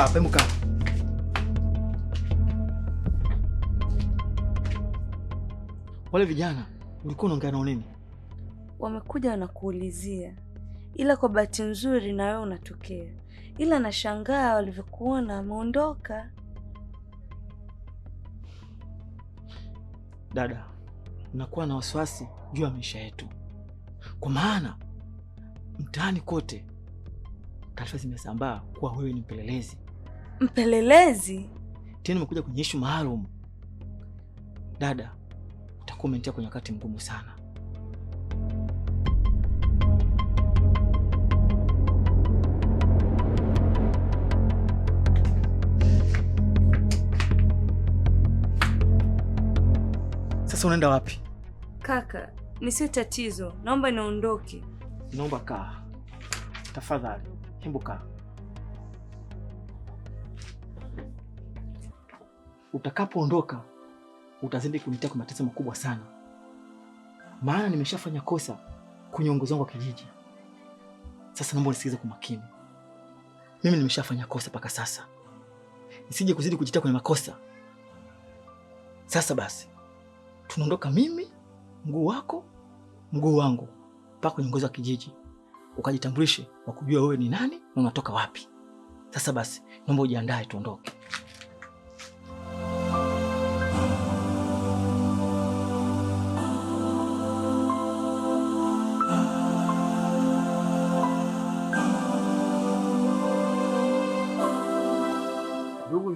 muka fais-moi hapa. Wale vijana ulikuwa unaongea nao nini? Wamekuja wanakuulizia, ila kwa bahati nzuri na wewe unatokea, ila nashangaa walivyokuona ameondoka. Dada, nakuwa na wasiwasi juu ya maisha yetu, kwa maana mtaani kote taarifa zimesambaa kuwa huyo ni mpelelezi Mpelelezi tena umekuja kwenye ishu maalum. Dada, utakuwa kwenye wakati mgumu sana. Sasa unaenda wapi? Kaka, ni sio tatizo, naomba niondoke. Naomba kaa tafadhali, hebu kaa. utakapoondoka utazidi kunitia kwa mateso makubwa sana, maana nimeshafanya kosa kwenye uongozi wangu wa kijiji. Sasa naomba nisikize kwa makini, mimi nimeshafanya kosa mpaka sasa, nisije kuzidi kujitia kwenye makosa. Sasa basi, tunaondoka mimi, mguu wako, mguu wangu, mpaka kwenye uongozi wa kijiji, ukajitambulishe, wakujua wewe ni nani na unatoka wapi. Sasa basi, naomba ujiandae, tuondoke.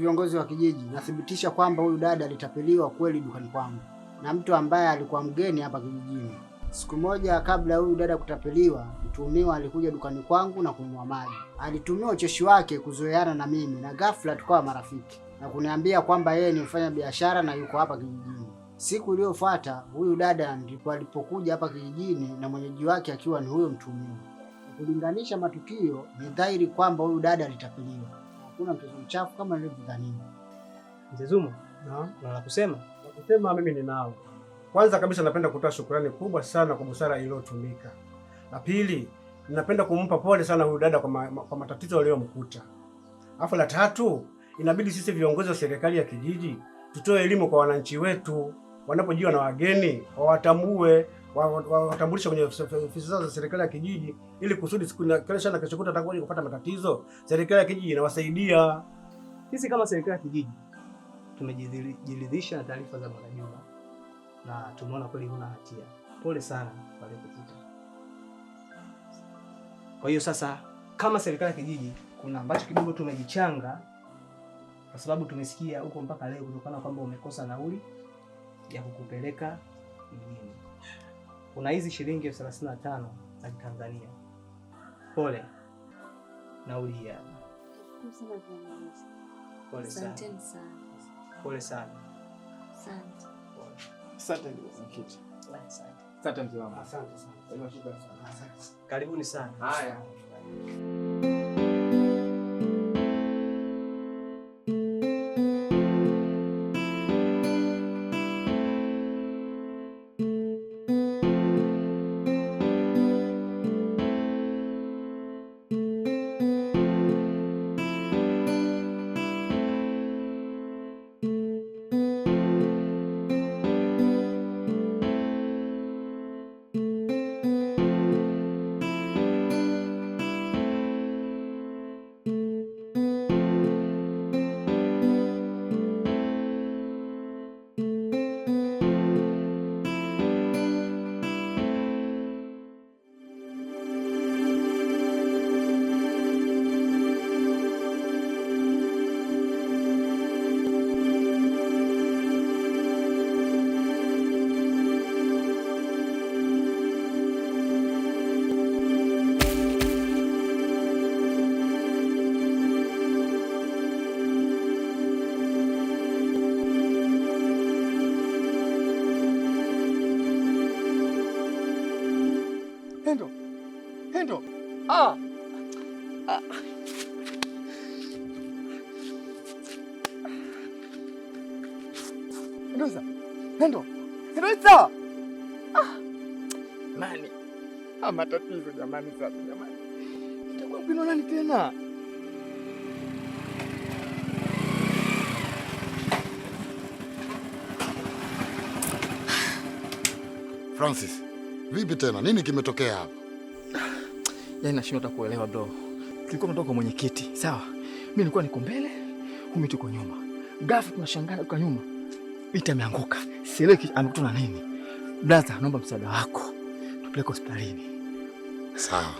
viongozi wa kijiji, nathibitisha kwamba huyu dada alitapeliwa kweli dukani kwangu na mtu ambaye alikuwa mgeni hapa kijijini. Siku moja kabla huyu dada kutapeliwa, mtuhumiwa alikuja dukani kwangu na kununua maji. Alitumia ucheshi wake kuzoeana na mimi na ghafla tukawa marafiki na kuniambia kwamba yeye ni mfanya biashara na yuko hapa kijijini. Siku iliyofuata huyu dada ndipo alipokuja hapa kijijini na mwenyeji wake akiwa ni huyo mtuhumiwa. Kulinganisha matukio, ni dhahiri kwamba huyu dada alitapeliwa hakuna mchezo mchafu kama nilivyodhania. Mzee Zuma, na la kusema la kusema mimi ninao. Kwanza kabisa napenda kutoa shukrani kubwa sana kwa busara iliyotumika. La pili, ninapenda kumpa pole sana huyu dada kwa, ma, kwa matatizo aliyomkuta. Alafu la tatu, inabidi sisi viongozi wa serikali ya kijiji tutoe elimu kwa wananchi wetu, wanapojiwa na wageni wawatambue watambulisha kwenye ofisi zao za serikali ya kijiji, ili kusudi siku na kesho na kesho kutwa kupata matatizo, serikali ya kijiji inawasaidia. Sisi kama serikali ya kijiji tumejiridhisha na taarifa za Bwana Juma na tumeona kweli huna hatia. Pole sana kwa kukuta. Kwa hiyo sasa, kama serikali ya kijiji, kuna ambacho kidogo tumejichanga, kwa sababu tumesikia huko mpaka leo, kutokana kwamba umekosa nauli ya kukupeleka mjini kuna hizi shilingi elfu thelathini na tano za Kitanzania. Pole nauli hii Pole sana. Pole sana. Asante. Asante mwenyekiti. Asante mzee wangu. Asante sana. Karibuni sana. ndo ah. Ah. Ndoza ndo ndoza ah. Mani ah, matatizo jamani, sasa jamani, nitakuwa mpino nani tena? Francis, vipi tena? Nini kimetokea hapa? yani nashindwa hata kuelewa bro. Tulikuwa tunatoka kwa mwenyekiti, sawa? Mimi nilikuwa niko mbele, huyu tuko nyuma. Ghafla tunashangaa kwa nyuma. Vita ameanguka. Seleki amekuta na nini? Brother, naomba msaada wako. Tupeleke hospitalini. Sawa.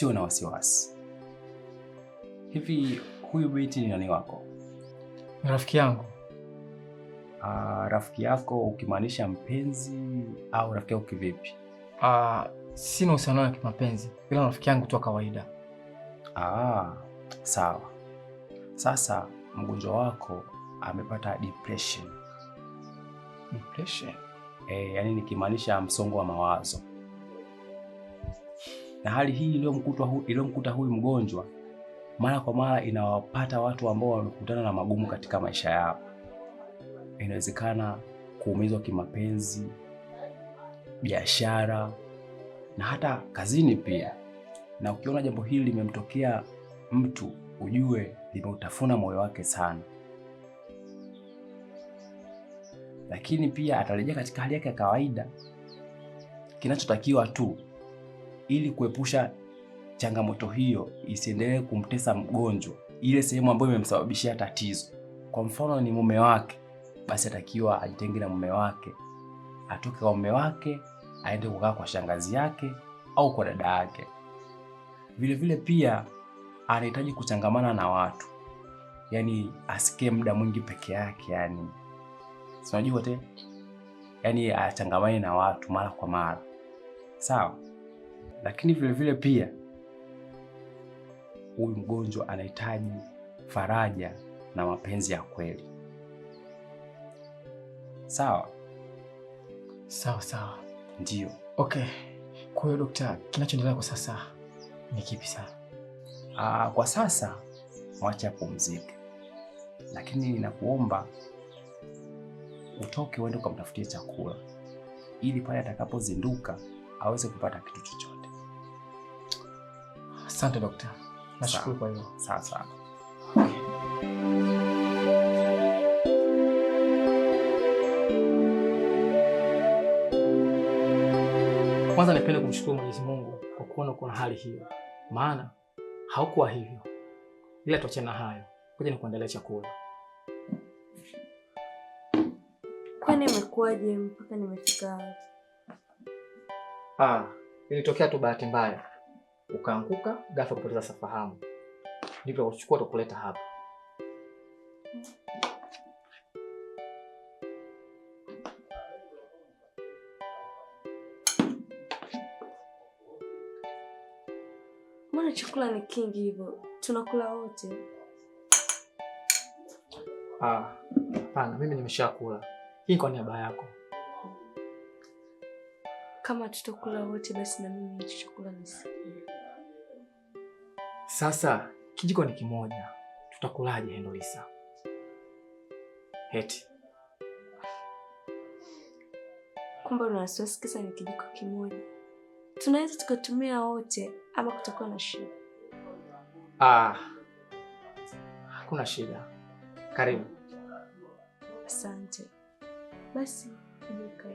asiwe na wasiwasi. Hivi huyu binti ni nani wako? rafiki yangu. Uh, rafiki yako ukimaanisha mpenzi au rafiki yako kivipi? Uh, sina uhusiano ya kimapenzi ila rafiki yangu tu kawaida. Ah, sawa. Sasa mgonjwa wako amepata depression. Depression? Eh, yani nikimaanisha msongo wa mawazo na hali hii iliyomkuta huyu mgonjwa mara kwa mara inawapata watu ambao wamekutana na magumu katika maisha yao. Inawezekana kuumizwa kimapenzi, biashara na hata kazini pia. Na ukiona jambo hili limemtokea mtu, ujue limeutafuna moyo wake sana, lakini pia atarejea katika hali yake ya kawaida. Kinachotakiwa tu ili kuepusha changamoto hiyo isiendelee kumtesa mgonjwa, ile sehemu ambayo imemsababishia tatizo. Kwa mfano ni mume wake, basi atakiwa ajitenge na mume wake, atoke kwa mume wake aende kukaa kwa shangazi yake au kwa dada yake. Vilevile pia anahitaji kuchangamana na watu, yani asikie muda mwingi peke yake, yani sinajua te, yani achangamane na watu mara kwa mara, sawa lakini vilevile vile pia huyu mgonjwa anahitaji faraja na mapenzi ya kweli. Sawa sawa sawa, ndio. Okay, kwa hiyo dokta, kinachoendelea kwa sasa ni kipi sasa? Ah, kwa sasa mwache apumzike, lakini ninakuomba utoke uende ukamtafutia chakula ili pale atakapozinduka aweze kupata kitu chochote. Asante dokta, nashukuru kwa hiyo. Sawa sawa. Kwanza nipende kumshukuru Mwenyezi Mungu kwa kuona kuna hali hiyo, maana haukuwa hivyo. Ila tuachane na hayo, kuja nikuandalia chakula. Kwani imekuwaje mpaka nimefika hapa? Ah, ilitokea tu bahati mbaya ukaanguka ghafla kupoteza safahamu, ndipo uchukua tukuleta hapa. Mbona chakula ni kingi hivyo? Tunakula wote? Ah, hapana, mimi nimeshakula. Hii kwa niaba yako. Kama tutakula wote, basi na mimi hicho chakula sasa kijiko ni kimoja, tutakulaje Henolisa? Heti kumbe una wasiwasi kisa ni kijiko kimoja, tunaweza tukatumia wote ama kutakuwa na shida? Ah, hakuna shida. Karibu. Asante basi, ijuka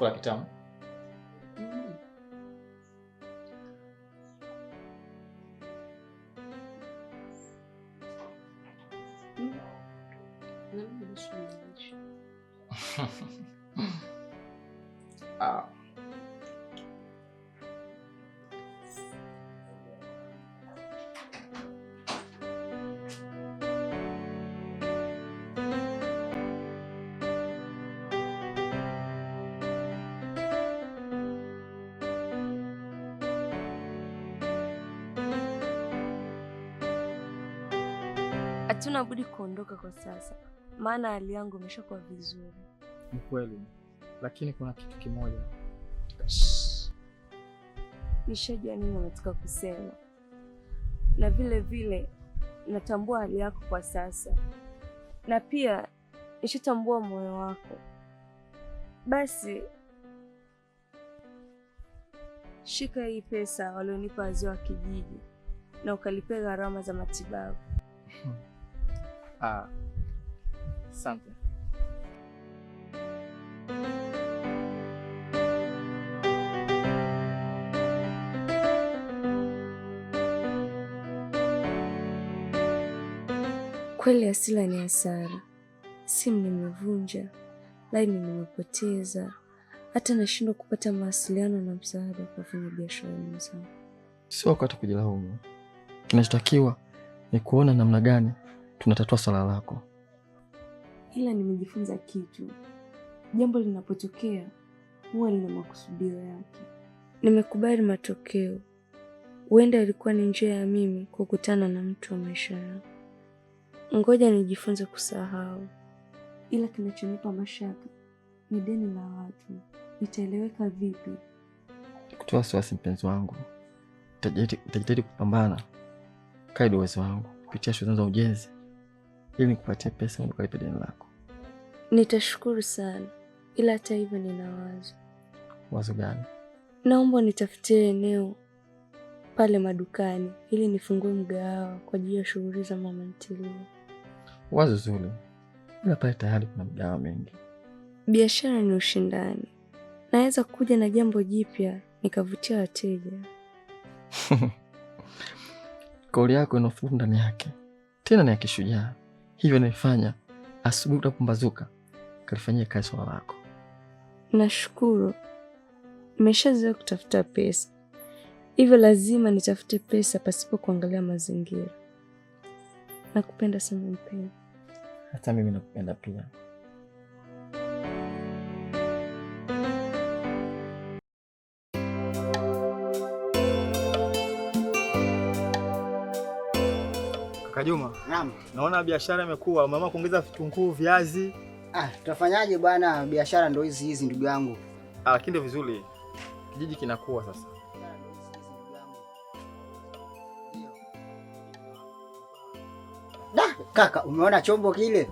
for a term hatuna budi kuondoka kwa sasa, maana hali yangu imeshakuwa vizuri. Ni kweli, lakini kuna kitu kimoja nishajua nini unataka kusema, na vile vile natambua hali yako kwa sasa, na pia nishatambua moyo wako. Basi shika hii pesa walionipa wazee wa kijiji na ukalipia gharama za matibabu. Ah, asante. Kweli hasira ni hasara. Simu nimevunja, laini nimepoteza, hata nashindwa kupata mawasiliano na msaada kwa biashara wenzangu. Sio wakati kujilaumu, kinachotakiwa ni kuona namna gani tunatatua swala lako. Ila nimejifunza kitu, jambo linapotokea huwa lina makusudio yake. Nimekubali matokeo, huenda ilikuwa ni njia ya mimi kukutana na mtu wa maisha yangu. Ngoja nijifunze kusahau, ila kinachonipa mashaka ni deni la watu, itaeleweka vipi? Kutoa wasiwasi, mpenzi wangu, nitajitahidi kupambana kadri uwezo wangu kupitia shughuli za ujenzi ili nikupatie pesa ukalipe deni lako. Nitashukuru sana, ila hata hivyo nina wazo. Wazo gani? Naomba nitafutie eneo pale madukani ili nifungue mgahawa kwa ajili ya shughuli za mama ntilie. Wazo zuri, ila pale tayari kuna mgahawa mengi. Biashara ni ushindani, naweza kuja na jambo jipya nikavutia wateja. Kauli yako inafuu ndani yake, tena ni ya kishujaa hivyo naifanya Asubuhi utapumbazuka, kalifanyia kazi swala lako. Nashukuru, nimeshazoea kutafuta pesa, hivyo lazima nitafute pesa pasipo kuangalia mazingira. Nakupenda sana mpenzi. Hata mimi nakupenda pia. Kaka Juma, naam, naona biashara imekuwa, umeamua kuongeza vitunguu, viazi. Ah, tutafanyaje bwana, biashara ndo hizi hizi ndugu yangu. Ah, lakini ndio vizuri, kijiji kinakuwa sasa. Da, kaka, umeona chombo kile?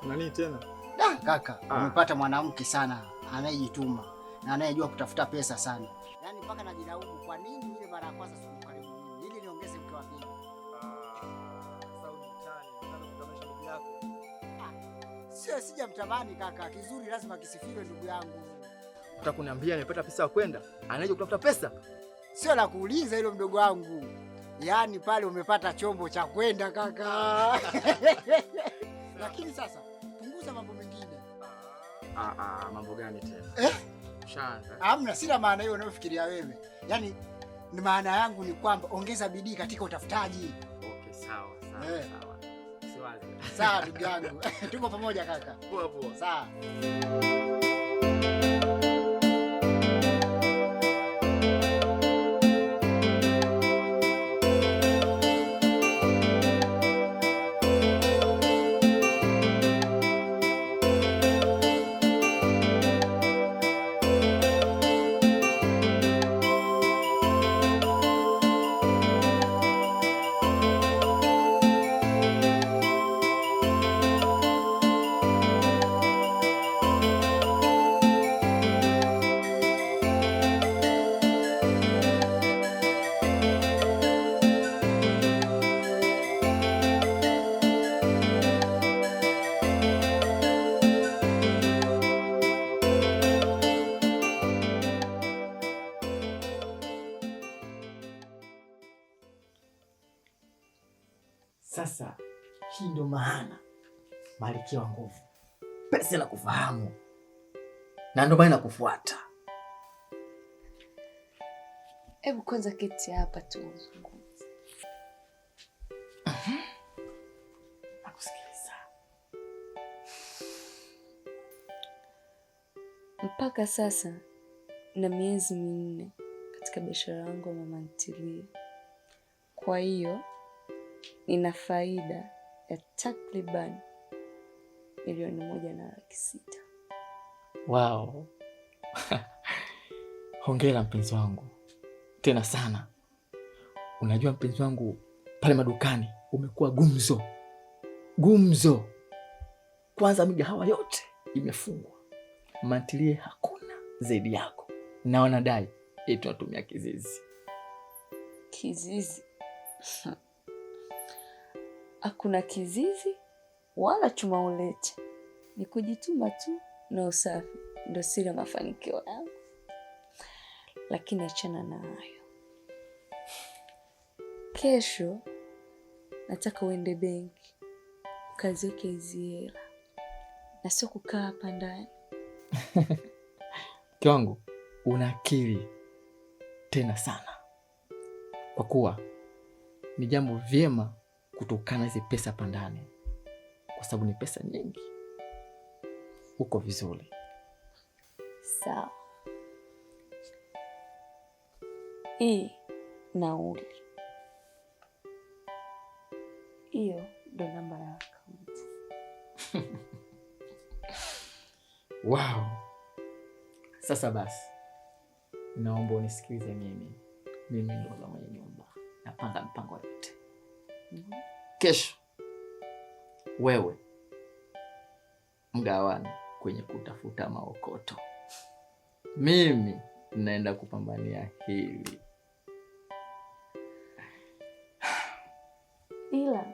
Kuna nini tena? Da, kaka, ah, umepata mwanamke sana anayejituma na anayejua kutafuta pesa sana. Yaani mpaka najilaumu kwa nini ile mara ya kwanza sikukaribu. Ili niongeze mke wa pili. Sio sija mtamani kaka, kizuri lazima kisifiwe ndugu yangu. Utakuniambia nimepata pesa ya kwenda, anaje kutafuta pesa? Sio la kuuliza hilo mdogo wangu, yaani pale umepata chombo cha kwenda kaka. Lakini sasa punguza mambo mengine. Ah, ah, mambo gani tena eh? Shanza amna, sina maana hiyo unayofikiria wewe, yaani maana yangu ni kwamba ongeza bidii katika utafutaji. Okay, sawa sawa, eh. sawa. Sawa ndugu yangu, tuko pamoja kaka. Poa poa. Sawa. Sasa hii ndo maana malikia wa nguvu pesa la kufahamu, na ndo maana nakufuata. Hebu kwanza keti hapa tu mhm. Mpaka sasa na miezi minne katika biashara yangu ya mama ntilie, kwa hiyo nina faida ya takriban milioni moja na laki sita. Wow. Hongera mpenzi wangu, tena sana. Unajua mpenzi wangu, pale madukani umekuwa gumzo gumzo. Kwanza migahawa yote imefungwa, mantilie hakuna zaidi yako, na wanadai eti tunatumia kizizi kizizi. hakuna kizizi wala chuma ulete, ni kujituma tu na usafi, ndo siri ya mafanikio yangu. Lakini achana na hayo. Kesho nataka uende benki ukaziweke hizi hela na sio kukaa hapa ndani. Kiwangu wangu una akili tena sana, kwa kuwa ni jambo vyema kutokana hizi pesa hapa ndani, kwa sababu ni pesa nyingi. Uko vizuri sawa? Hii nauli hiyo ndo namba ya akaunti. Wow. Sasa basi, naomba unisikilize mimi. Mimi ndo mwenye nyumba, napanga mpango yote. mm -hmm kesho wewe mgawani kwenye kutafuta maokoto, mimi naenda kupambania hili. Ila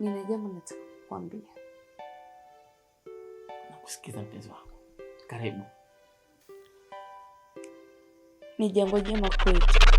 nina jambo nataka kukwambia. Nakusikiza mpenzi wangu, karibu. Ni jambo jema kwetu.